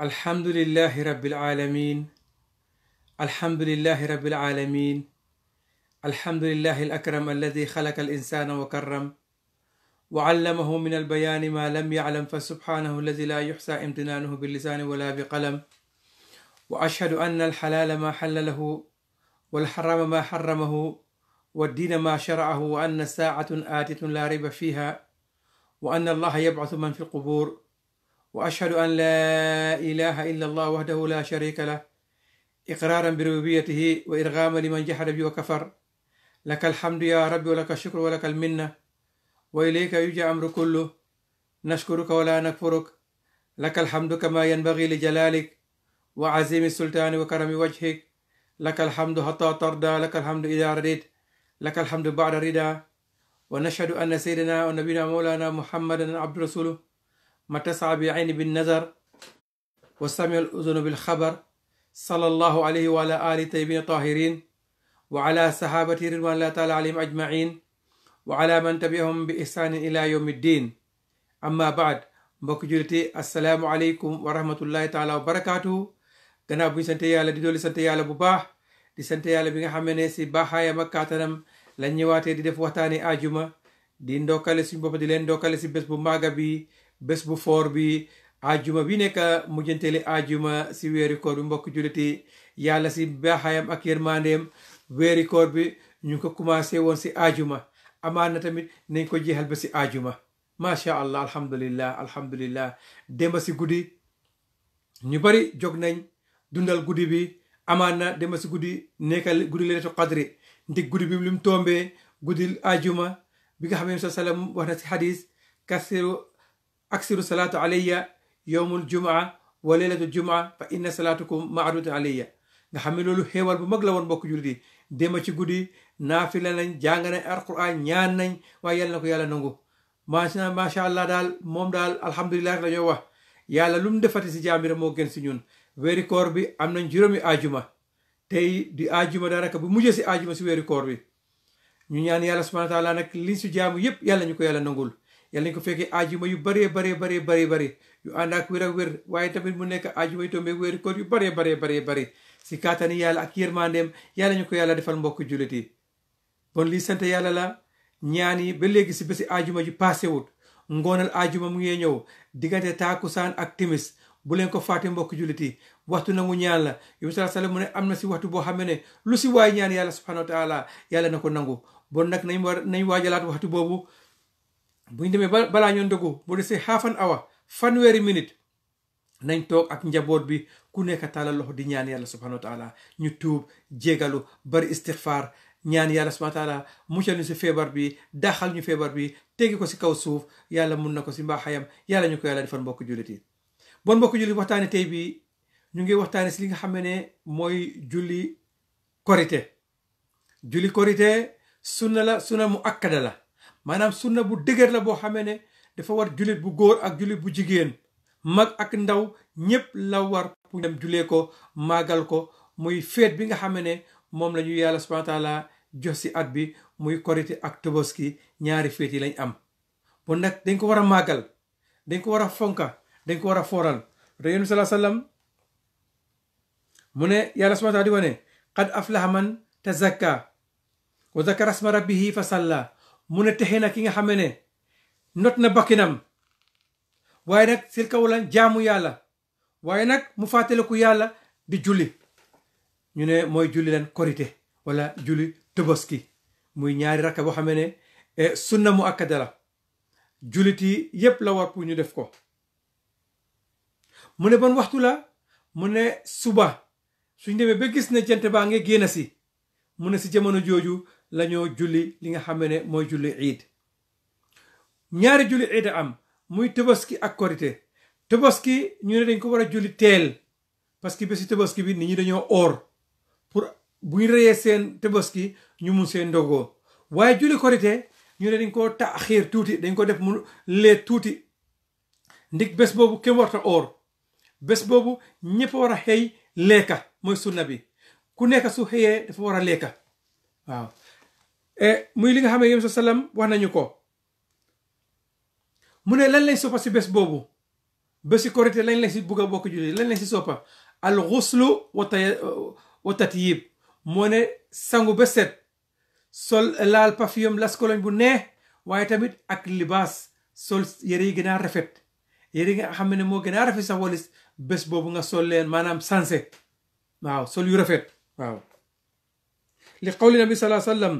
الحمد لله رب العالمين الحمد لله رب العالمين الحمد لله الأكرم الذي خلق الإنسان وكرم وعلمه من البيان ما لم يعلم فسبحانه الذي لا يحصى امتنانه باللسان ولا بقلم وأشهد أن الحلال ما حلله والحرام ما حرمه والدين ما شرعه وأن ساعة آتية لا ريب فيها وأن الله يبعث من في القبور وأشهد أن لا إله إلا الله وحده لا شريك له إقرارا بربوبيته وإرغاما لمن جحد به وكفر لك الحمد يا رب ولك الشكر ولك المنة وإليك يجى أمر كله نشكرك ولا نكفرك لك الحمد كما ينبغي لجلالك وعزيم السلطان وكرم وجهك لك الحمد حتى ترضى لك الحمد إذا رضيت لك الحمد بعد رضا ونشهد أن سيدنا ونبينا مولانا محمدا عبد رسوله متسع بعين بالنظر وسمع الأذن بالخبر صلى الله عليه وعلى آل طيبين طاهرين وعلى صحابة رضوان الله تعالى عليهم أجمعين وعلى من تبعهم بإحسان إلى يوم الدين أما بعد بكجلتي السلام عليكم ورحمة الله تعالى وبركاته كنا أبو سنتي يالا دي دولي سنتي يالا بباح دي سنتي يالا بيغا خاميني سي باحا يا مكاتنم لن يواتي دي ديف واتاني اجوما دي ندوكالي سي دي لين ندوكالي سي بس بو ماغا بي bés bu foor bi ajuma wii nekk mujjanteeli ajuma si weeri koor bi mbokk julliti yàlla si baaxaayam ak yërmandeem weeri koor bi ñu ngi ko commencé woon si ajuma amaan na tamit nañ ko jeexal ba si ajuma maasha allah alhamdulillah alhamdulillah démba si guddi ñu bari jóg nañ dundal guddi bi amaan na démba si guddi nekkal guddi leetu qadri ndi guddi bi lim guddi ajuma bi nga xam ne sallam wax na si xadis kasiru aksiru salaatu alayya yowmul jumaa wa leylatu jumaa fa inna salaatukum maadut alayya nga xam ne loolu xéewal bu mag la woon mbokk jullit yi déma ci guddi naafila nañ jàng nañ alquran ñaan nañ waaye yàlla na ko yàlla nangu macha macha allah daal moom daal alhamdulilah la wax yàlla lu mu defati si jaam bi moo gën si ñun weeri koor bi am nañ juróomi ajuma tey di ajuma daanaka bu mujjee si ajuma si weeri koor bi ñu ñaan yàlla subhana taala nag liñ si jaamu yépp yàlla ñu ko yàlla nangul yàlla nañ ko fekkee ajuma yu bëree baree baree baree bëri yu ànd ak ak wér waaye tamit mu nekk ajuma yu tombeeg wéeri koor yu baree baree baree bëri si kattani yàlla ak yërmandeem yàlla ñu ko yàlla defal mbokk jullit yi bon lii sant yàlla la ñaani yi ba léegi si bési ajuma ji passé wut ngoonal ajuma mu ngee ñëw diggante taakusaan ak timis bu leen ko fàtte mbokk jullit yi waxtu nangu ñaan la yow sala sallam mu ne am na si boo xam ne lu si waay ñaan yàlla subhanahu wa taala na ko nangu bon waxtu boobu buñ demee ba balaa ñoo ndogu bu desee half an hour fanweeri minute nañ toog ak njaboot bi ku nekk tàllal loxo di ñaan yàlla subhanahu wa taala ñu tuub jégalu bari istixfaar ñaan yàlla subhanahu wa muccal ñu si feebar bi daxal ñu feebar bi teggi ko si kaw suuf yàlla mun na ko si mbaaxayam yàlla ñu ko yàlla defal mbokk jullit yi bon mbokk jullit waxtaane tey bi ñu ngi waxtaane si li nga xam ne mooy julli korite julli korite sunna la sunna mu akkada la maanaam sunna bu dëgër la boo xamee ne dafa war jullit bu góor ak jullit bu jigéen mag ak ndaw ñépp la war pour dem julee ko màggal ko muy feet bi nga xamee ne moom la yàlla subhaana taala jox si at bi muy korite ak tobaski ñaari feet yi lañ am bon nag dañ ko war a màggal dañ ko war a fonka dañ ko war a fooral te yéen salaa mu ne yàlla subhaana taala di ko ne qad aflaha man tazakka wa zakara asma rabbihi fa mu ne texe na ki nga xamee ne not na bakkinam waaye nag sir kaw jaamu yàlla waaye nag mu fàttaliku yàlla di julli ñu ne mooy julli leen korite wala julli toboski muy ñaari rakka boo xamee ne eh, sunna mu akkada la jullit yi yépp la war ñu def ko mu ne ban waxtu la mu ne suba suñ demee ba gis ne jant baa ngi génn si mu ne si jamono jooju lañoo julli li nga xam ne mooy julli iid ñaari julli iid am muy tëbaski ak korite tëbaski ñu ne dañ ko war a julli teel parce que bési tëbaski bi nit ñi dañoo oor pour buñ reyee seen tëbaski ñu mun seen ndogoo waaye julli korite ñu ne dañ ko taaxiir tuuti dañ ko def mu leet tuuti ndik bés boobu kenn warta oor bés boobu ñëpp war a xëy leeka mooy sunna bi ku nekk su xëyee dafa war a lekka waaw e, muy li nga xam ne yém sa salam wax nañu ko mu ne lan lañ soppa si bés boobu bési korité lañ lañ si bugg a bokk julli lañ lañ si soppa al xuslu wa moo ne sangu ba set sol laal parfum las koloñ bu neex waaye tamit ak libaas sol yëre yi gën a rafet yëre yi nga xam ne moo gën a rafet sax walis bés boobu nga sol leen maanaam sanse waaw sol yu rafet waaw li qawli nabi salaa sallam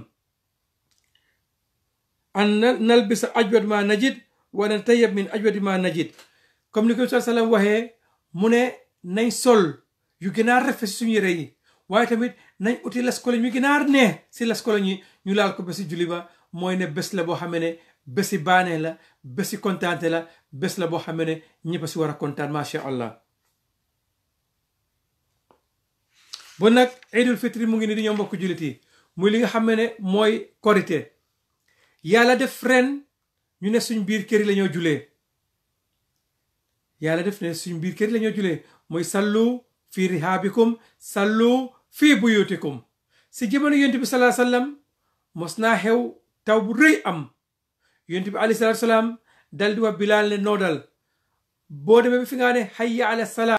an nalbisa ajwad ma najid wa natayab min ajwadi ma najid comme ni ko salaa sallam waxee mu ne nañ sol yu gën a rafet si suñu yére yi waaye tamit nañ uti laskoloñ yu gën a neex si laskoloñ yi ñu laal ko bési julli ba mooy ne bés la boo xamee ne bési baanee la bési kontaante la bés la boo xamee ne ñëpp si war a kontaan macha allah ba nag iidul fitri mu ngi ni di ñoo mbokk jullit yi muy li nga xam ne mooy korite yàlla def ren ñu ne suñ biir kër yi la ñoo julee yàlla def ne biir kër yi julee mooy sallu fii rihaabikum sallu fii buyutikum si jamono yonent bi salaa sallam mos naa xew taw bu rëy am yonent bi alayhi salaatu salaam dal di wax bilaal ne noodal boo demee fi nga ne hayya ala salaa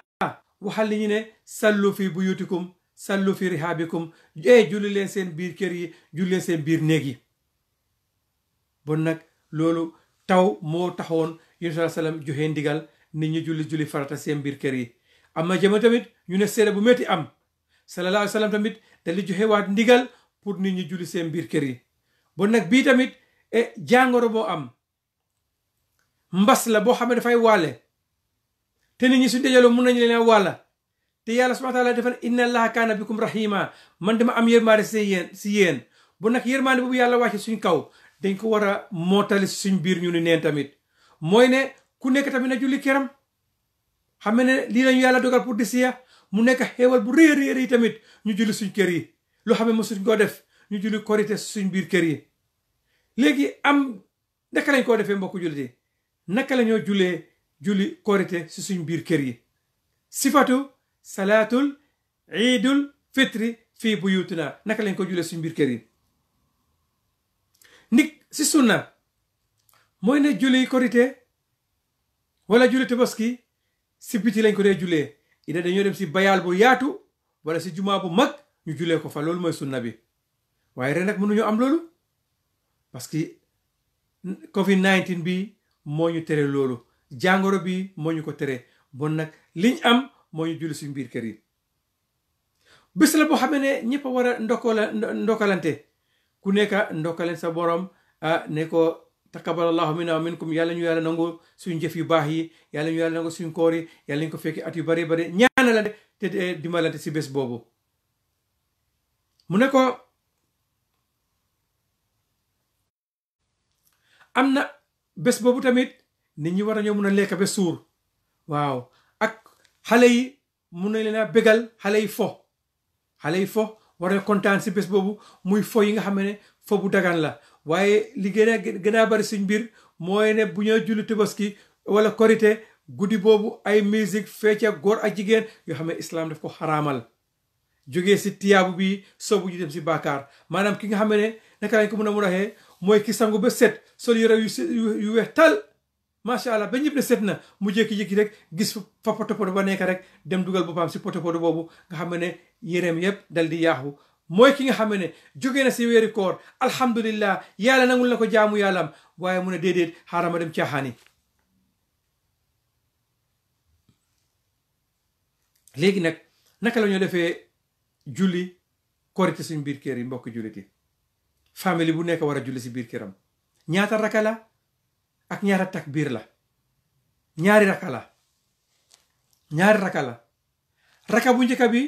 waxal ni ñu ne sallu fii buyutikum sallu fi rihaabikum ee eh, julli leen seen biir kër yi julli leen seen biir néeg yi bon nag loolu taw moo taxoon yonent bi sallam joxe ndigal nit ñi julli julli farata seen biir kër yi am na jamono tamit ñu ne seede bu métti am sallallahu alayhi sallam tamit dali joxe waat ndigal pour nit ñi julli seen biir kër yi bon nag bii tamit e jàngoro boo am mbas la boo xam ne dafay wàlle te nit ñi su mun nañu leen a wàlla te yàlla subhaana taala dafa ne inna allaha kaana bikum rahima man dama am yërmaande si yéen si yéen bu nag yërmaande boobu yàlla wàcce suñ kaw dañ ko war a mootali suñ biir ñu ni neen tamit mooy ne ku nekk tamit na julli këram xam ne lii lañu yàlla dogal pour di siya mu nekk xéewal bu réer réer yi tamit ñu julli suñ kër yi loo xam ne suñ koo def ñu julli korite suñ biir kër yi léegi am naka lañ koo defee mbokku jullit naka la ñoo jullee julli korite si suñ biir kër yi salaatul iidul fitri fii bu buyuutinaa naka lañ ko julee suñ biir kër yi ndik si sunna mooy ne julli korite wala julli tabaski si biti lañ ko dee julee ida dañoo dem si bayaal bu yaatu wala si jumaa bu mag ñu julee ko fa loolu mooy sunna bi waaye ren nag mënuñu am loolu parce que covid 19 bi mooñu ñu tere loolu jàngoro bi mooñu ko tere bon nag liñ am moo ñu julli suñu biir kër yi bis la boo xamee ne ñëpp a war a ndokala ku nekka ndokaleen sa borom ne ko taqabbalallahu minna wa minkum yàlla ñu yàlla nangu suñ jëf yu baax yi yàlla ñu yàlla nangu suñ koor yi ñu ko fekki at yu bare bari bari ñaanalante te dimbalante si bés boobu mu ne ko am na bés boobu tamit nit ñi war a ñoo mun a lekk suur waaw xale yi mun na leen a bégal xale yi fo xale yi fo war a kontaan si bés boobu muy fo yi nga xam ne fo bu dagan la waaye li gën a bari suñ mbir mooy ne bu ñoo julli tabaski wala korite guddi boobu ay musique fecca góor ak jigéen yoo xam ne islaam daf ko xaraamal jógee si tiyaabu bi soobu ñu dem si bàkkaar maanaam ki nga xam ne naka lañ ko mën a mun axee mooy ki sangu ba set sol yu yu weex tal macha allah ba ñëpp ne na mu jékki-jékki rek gis fa potopoto ba nekk rek dem dugal boppam si potopoto boobu nga xam ne yéreem yëpp dal di yaaxu mooy ki nga xam ne jóge na si weeri koor alhamdulillah yàlla nangul na ko jaamu yàllam waaye mu a déedéet xaaral ma dem caaxaani léegi nag naka la ñoo defee julli korite suñ biir kër yi mbokk julliti famille bu nekk war a julli si biir këram ñaata raka ak ñaata takbiir la ñaari raka la ñaari raka la raka bu njëkk bi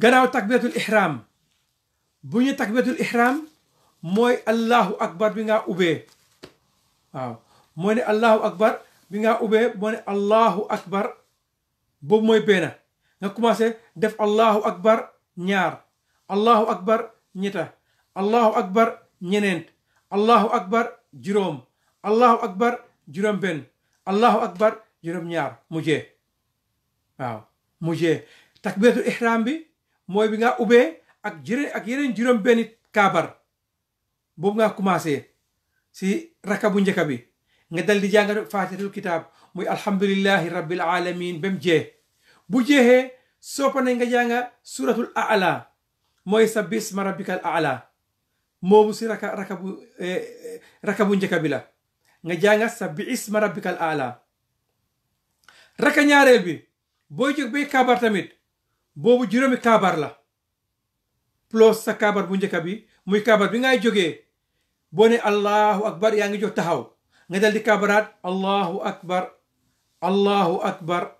gannaaw takbiratul ihram bu ñu takbiratul ihram mooy allahu akbar bi nga ubbee waaw mooy ne allahu akbar bi nga ubbee moo ne allahu akbar boobu mooy benn nga commencé def allahu akbar ñaar allahu akbar ñetta allahu akbar ñeneent allahu akbar juróom allahu akbar juróom benn allahu akbar juróom ñaar mujjee waaw mujjee ihram bi mooy bi nga ubbee ak jërë ak yeneen juróom benni kaabar boobu nga commencé si raka bu njëkk bi nga dal di jàng faatihatul kitaab muy alhamdulillahi rabbil alamin ba mu jeex bu jeexe soppa nañ nga jàng suratul ala mooy sabbisma rabbikal ala moobu si raka raka bu eh, eh, raka bu njëkk bi la nga jànga sabbi isma rabbikal aala raka ñaareel bi booy jóg bay kaabar tamit boobu juróomi kaabar la plus sa kaabar bu njëkk bi muy kaabar bi ngay joge boo ne allahu akbar yaa ngi jóg taxaw nga dal di kaabaraat allahu akbar allahu akbar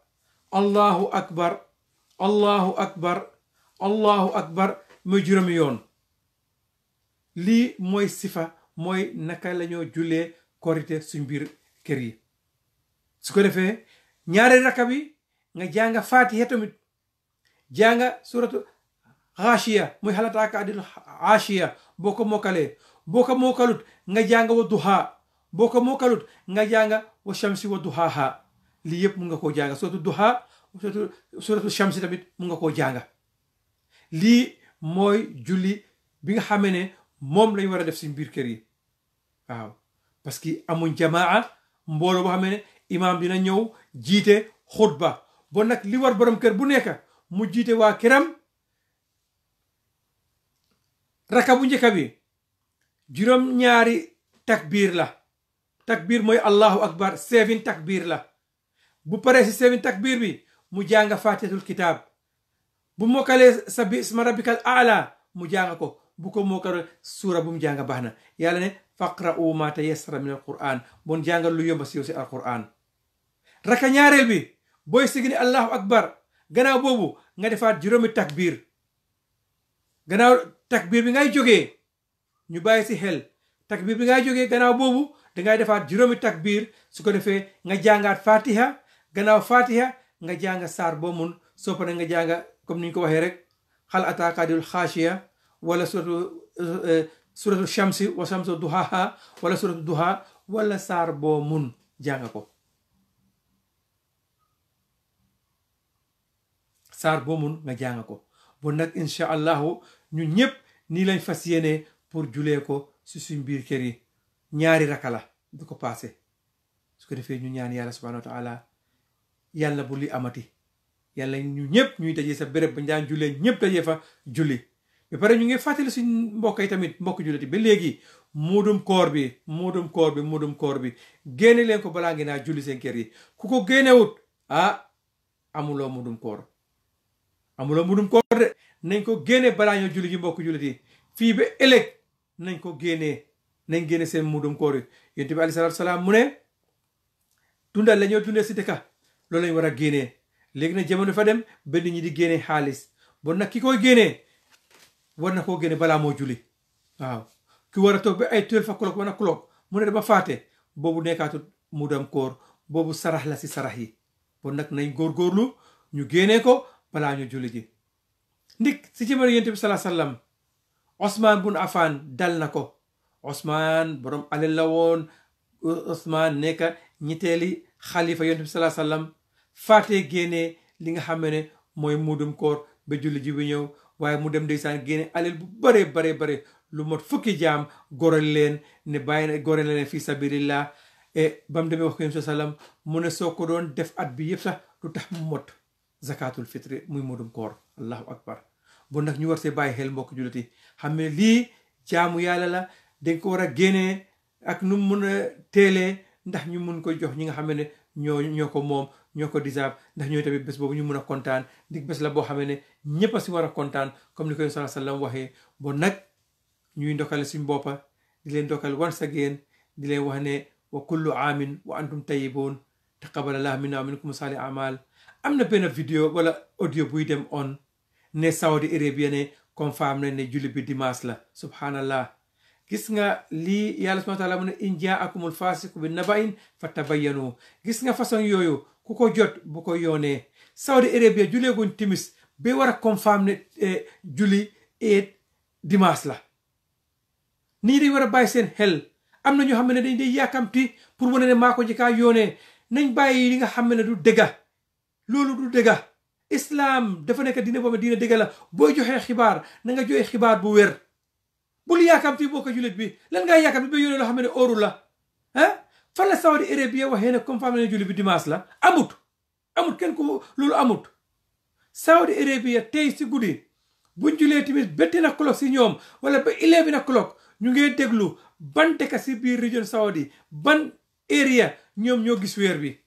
allahu akbar muy juróomi yoon lii mooy sifa mooy naka lañoo jullee korite suñ biir kër yi su ko defee ñaari rakka bi nga jànga faatiha tamit jànga suratu xaashiya muy xalataaka adil xaashiya boo ko mokkalee boo ko mokkalut nga jànga wa duhaa boo ko mokkalut nga jànga wa shamsi wa duhaaha lii yëpp mun nga ko jànga suratu duhaa suratu suratu shamsi tamit mun nga ko jànga lii mooy julli bi nga xamee ne moom lañ war a def suñ biir kër yi waaw parce que amuñ jamaa mbooloo boo xam ne imaam dina ñëw jiite xutba bon nag li war borom kër bu nekk mu jiite waa këram raka bu njëkk bi juróom-ñaari takbir la takbir mooy allahu akbar seven takbir la bu paree si seven takbir wi mu jàng faatihatul kitaab bu mokkalee sa bisma rabbikal aala mu jàng ko bu ko kar sura bu mu jàng baax ne faqra'u ma tayassara min alquran bon janga lu yomba si alquran raka ñaarel bi boy signi allahu akbar gana bobu nga defat juromi takbir gana takbir bi ngay joge ñu bàyyi si hel takbir bi ngay gana bobu da ngay defat juromi takbir su ko defé nga jàngaat fatiha gana fatiha nga jàng sar boo mun nga comme ni ko waxe rek ataqadul wala suratu eh, suratu shamsi wa shamsu duhaha wala suratu duha saar boo mun jàng ko saar boo mun nga jàng ko bon nag incha allahu ñu ñëpp nii lañ fas yéene pour julee ko si suñ biir kër yi ñaari rakala la du ko paase su ko defee ñu ñaan yàlla subhanahu wa taala yàlla bu li amati yàlla ñu ñëpp ñuy dajee sa béréb ba njaan julee ñëpp dajee fa julli ba pare ñu ngi fàttali suñ mbokk yi tamit mbokk ti ba léegi muudum koor bi muudum koor bi muudum koor bi génne leen ko balaa ngeen a julli seen kër yi ku ko génnewut ah amuloo muudum koor amuloo muudum koor de nañ ko génne balaa ñoo julli ji mbokk julliti fii ba ëllëg nañ ko génnee nañ génne seen muudum koor yi yonent bi alayhi salaam mu ne dundal la ñoo dundee si dëkka loolu lañ war a génnee léegi nag jamono fa dem ba nit ñi di génne xaalis bon nag ki ko génnee war na koo génne balaa moo julli waaw ki war a toog ba ay twelve o'clock one o'clock mu ne ba faate boobu nekkaatut mu dem koor boobu sarax la si sarax yi bon nag nañ góorgóorlu ñu génne ko balaa ñu julli ji si jamono yonent bi salaa sallam Osman bun Affan dal na ko Osman borom alal la woon Osman nekka ñetteeli xalifa yonent bi salaa sallam faatee génnee li nga xam ne mooy muudum koor ba julliji ji bi ñëw waaye mu dem ndeysaan génne alal bu bare bare bare lu mot fukki jaam gorel leen ne bàyyi na gorel leen fii sabilillah e ba mu demee wax ko yéen sallam mun ne soo ko doon def at bi yëpp sax lu tax mu mot zakatul fitri muy modum koor allahu akbar bon nag ñu war see bàyyi xel mbokk jullit yi xam ne lii jaamu yàlla la dañ ko war a génne ak nu mun a teele ndax ñu mun ko jox ñi nga xam ne ñoo ñoo ko moom ñoo ko disaab ndax ñooy tamit bés boobu ñu mun a kontaan di bés la boo xamee ne ñëpp si war a kontaan comme ni ko sallallahu alayhi wa waxee bon nag ñuy ndokale suñ boppa di leen ndokal once again di leen wax ne wa kullu aamin wa antum tayiboon taqabbalallahu minna wa minkum saali amal am na benn vidéo wala audio buy dem on ne Saudi Arabia ne confirm nañ ne julli bi dimanche la subhanallah gis nga lii yàlla subhanahu wa taala mu ne in jaakumul fasiqu bi nabain fa tabayyanu gis nga façon yooyu ku ko jot bu ko yoonee Saudi Arabia juleeguñ timis ba war a confirm ne eh, juli et dimanche la nii dañ war a bàyyi seen xel am na ñoo xam ne dañ day yàkkamti pour bu ne maa ko jikaa yoonee nañ bàyyi li nga xam ne du dëgga loolu du dëgga islam dafa nekk dina boobu dina dëgga la boo joxee xibaar na nga joxe xibaar bu wér bul yaakamti boko julit bi lan nga yakam ba yore lo xam ne la hein fa la Saudi Arabia wa hena kom famene julit bi dimas la amut amut ken ko lolu amut Saudi Arabia tey si gudi bu julé timis betti na clock si ñom wala ba eleven na clock ñu ngi déglu ban ka ci biir region Saudi ban area ñom ñoo gis wër bi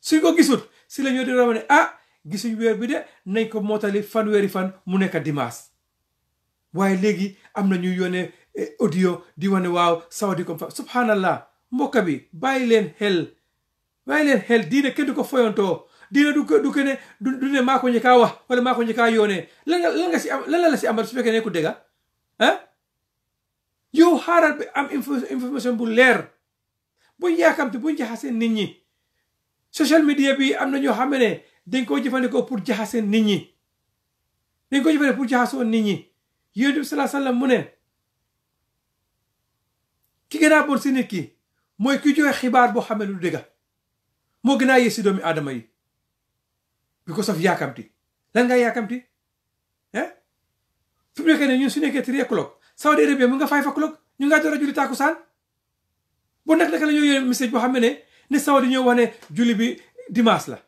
suñ ko gisut si lañu di ramane ah gisuñ wër bi de nañ ko motali fan weeri fan mu nekk dimas waaye léegi am na ñu yoone eh, audio di wane waaw Saudi comme fa subhanallah mbokka bi bàyyi leen xel bàyyi leen xel diine kenn du ko foyantoo diine du ko du ko ne du ne maa ko ñu kaa wax wala maa ko ñu kaa yoonee nga si am lan la si amal su fekkee ne ku dëgga ah yow xaaral bi am information bu leer buñ yaakamte buñ jaxasee nit ñi social media bi am na ñoo xam ne dañ koo jëfandikoo pour jaxasee nit ñi dañ ko jëfandikoo pour jaxasoo nit ñi yonent bi salaa sallam mu ne ki gën a bon si nit ki mooy ki joxe xibaar boo xam ne lu dëgga moo gën a yées si doomi aadama yi bi ko saf yaakamti lan nga yaakamti eh fi mu ne ñun su nekkee three o'clock Saudi Arabia mu nga five o'clock ñu nga door a julli tàkkusaan bon nag naka la ñoo yore message boo xam ne ne Saudi ñoo wax ne julli bi dimanche la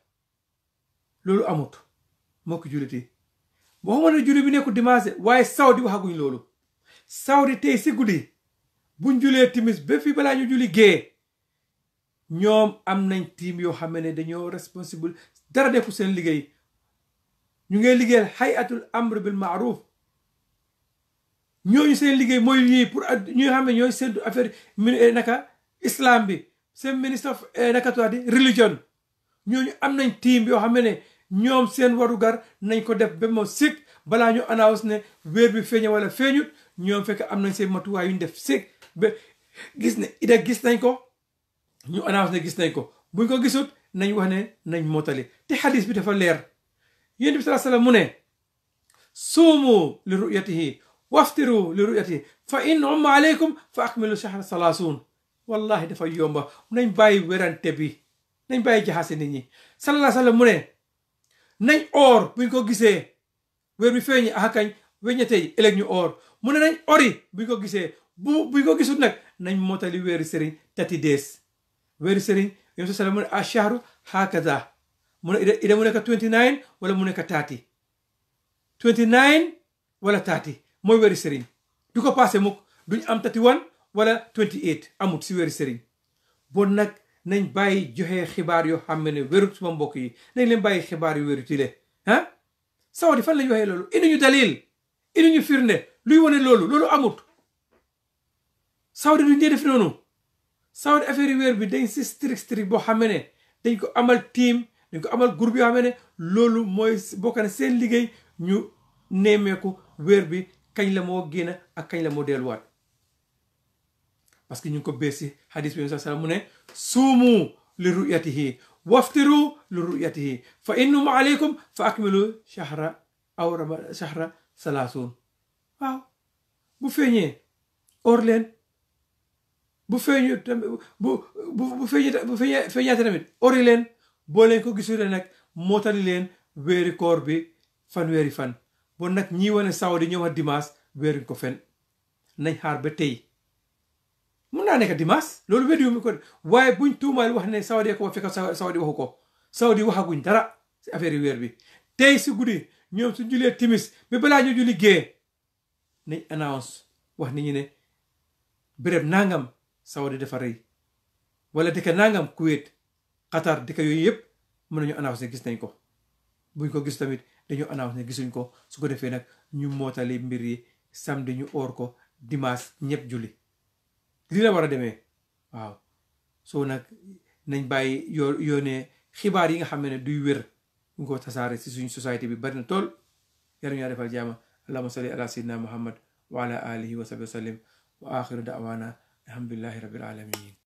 loolu amut moo ko julliti waxuma ne julli bi nekkul dimanche waaye sawdi waxaguñ loolu sawdi tey si guddi buñ julee timis ba fi balaa ñu julli gée ñoom am nañ tiim yoo xam ne dañoo responsable dara defu seen liggéey ñu ngay liggéeyal hayatul amr bil maaruf ñooñu seen liggéey mooy ñu pour ñi nga xam ne ñooy seen affaire eh, naka islam bi seen ministre eh, naka tuwaat di religion ñooñu am nañ tiim yoo xam ne ñoom seen warugar nañ ko def ba moom sikk balaa ñu annonce ne weer bi feeñe wala feeñut ñoom fekk am nañ seen matuwaay yu ñu def sikk ba gis ne ida gis nañ ko ñu annonce ne gis nañ ko buñ ko gisut nañ wax ne nañ mottali te xadis bi dafa leer yonent bi salaa sallam mu ne suumu li ruyatihi waftiru li ruyatihi fa in umma aleykum fa akmilu shahra salaasuun wallahi dafa yomba nañ bàyyi werante bi nañ bàyyi jaxase nit ñi salaa sallam mu ne nañ or buñ ko gisee weer bi feeñi axakañ weññete yi ëllëg ñu or mu ne nañ ori buñ ko gisee bu buñ ko gisul nag nañ mootali weeri sëriñ tati dees weeri sëriñ yom sala mu ne ashahru hakada mu ne ida mu nekk 29 wala mu nekk taati 29 wala taati mooy weeri sëriñ du ko passé mukk duñ am tati wan wala 28 amut si weeri sëriñ bon nag nañ bàyyi joxe xibaar yoo xam ne wérut suma mbokk yi nañ leen bàyyi xibaar yu wérut yi le ah sawdi fan lañ waxee loolu indi ñu dalil indi ñu firnde luy wane loolu loolu amut sawdi duñ dee def noonu sawdi affaire yi weer bi dañ si strict strict boo xam ne dañ ko amal team ñu ko amal groupe yoo xam ne loolu mooy bokk na seen liggéey ñu nemmeeku weer bi kañ la moo génn ak kañ la moo delluwaat parce que ñu ko beesi hadis bi Yonent salaam mu ne suumu li ru'yatihi waftiru li ru'yatihi fa innum alaykum fa akmilu shahra aw waaw bu feeñee or leen bu feeñu tamit ori leen boo leen ko gisulee nag mootali leen weeri koor bi fan weeri fan bon nag ñi wane saw di dimaas weeri dimanche ko fen nañ xaar ba tey mun naa dimas, dimanche loolu weddi wu ko waaye buñ tuumaal wax ne sawadi ko fekk sawadi waxu ko sawadi waxaguñ dara si affaire wer bi tey si guddi su timis bi balaa ñu julli gée nañ annonce wax nit ñi ne nangam saudi dafa rëy wala dëkk nangam Kuwait, Qatar deka yooyu yep mën nañu annonce ne gis nañ ko buñ ko gis tamit dañu annonce ne gisuñ ko su ko defee nag ñu mootali mbir yi samedi ñu oor ko lii la war a demee waaw so nag nañ bàyyi yoo yoonee xibaar yi nga xam ne duy wér ñu ko tasaare si suñ société bi bari na tool yaram yaa defal jaama allahuma salli ala sayyidina muhammad wa ala alihi wa sahbi wa sallim wa axiru daawaana alhamdulillahi rabbil alamin